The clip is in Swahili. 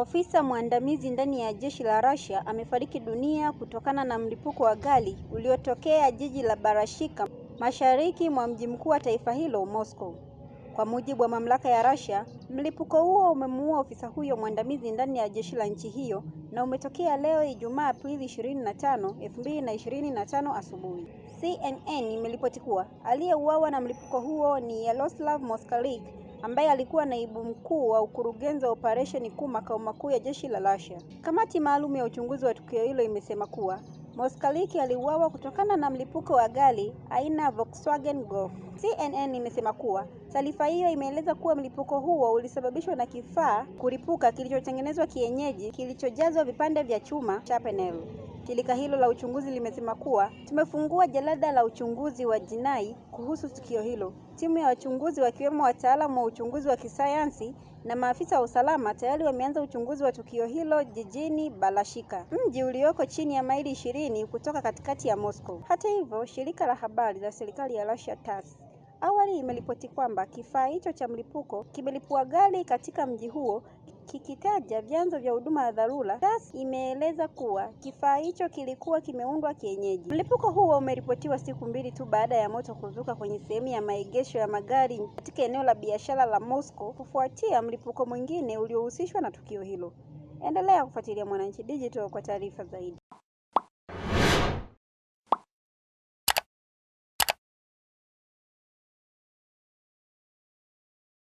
Ofisa mwandamizi ndani ya jeshi la Russia amefariki dunia kutokana na mlipuko wa gari uliotokea jiji la Barashika mashariki mwa mji mkuu wa taifa hilo Moscow. Kwa mujibu wa mamlaka ya Russia, mlipuko huo umemuua ofisa huyo mwandamizi ndani ya jeshi la nchi hiyo na umetokea leo Ijumaa Aprili 25, 2025 asubuhi. CNN imeripoti kuwa aliyeuawa na mlipuko huo ni Yaroslav Moskalik ambaye alikuwa naibu mkuu wa ukurugenzi wa operesheni kuu makao makuu ya jeshi la Russia. Kamati maalum ya uchunguzi wa tukio hilo imesema kuwa moskaliki aliuawa kutokana na mlipuko wa gari aina ya Volkswagen Golf. CNN imesema kuwa taarifa hiyo imeeleza kuwa mlipuko huo ulisababishwa na kifaa kuripuka kilichotengenezwa kienyeji kilichojazwa vipande vya chuma cha panel. Shirika hilo la uchunguzi limesema kuwa tumefungua jalada la uchunguzi wa jinai kuhusu tukio hilo. Timu ya wachunguzi wakiwemo wataalamu wa uchunguzi wa kisayansi na maafisa wa usalama tayari wameanza uchunguzi wa tukio hilo jijini Balashika, mji ulioko chini ya maili ishirini kutoka katikati ya Moscow. Hata hivyo, shirika la habari la serikali ya Russia TASS Awali imeripoti kwamba kifaa hicho cha mlipuko kimelipua gari katika mji huo kikitaja vyanzo vya huduma ya dharura. TAS imeeleza kuwa kifaa hicho kilikuwa kimeundwa kienyeji. Mlipuko huo umeripotiwa siku mbili tu baada ya moto kuzuka kwenye sehemu ya maegesho ya magari katika eneo la biashara la Moscow kufuatia mlipuko mwingine uliohusishwa na tukio hilo. Endelea kufuatilia Mwananchi Digital kwa taarifa zaidi.